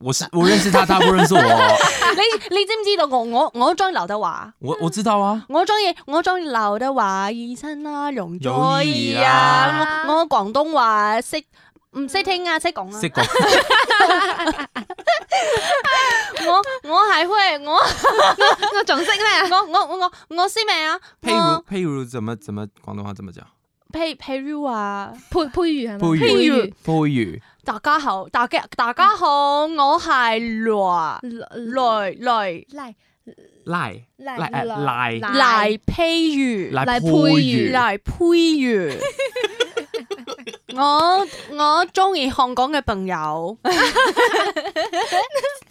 我我認識他，他不認識我。 你你知唔知道我我我中意劉德華？我我，德華我，我知道啊。 我中意我中意劉德華醫生啊，容祖兒啊。啊我廣東話識唔識聽啊？識講啊？識講。我我係會 我我仲識咩啊？我我我我識咩啊？譬如譬如，怎麼怎麼廣東話怎麼講？譬如話，珮珮如啊，珮珮如係咪？珮如珮如，大家好，大家大家好，我係羅羅羅賴賴賴賴珮如，賴珮如，賴珮如。我我中意香港嘅朋友。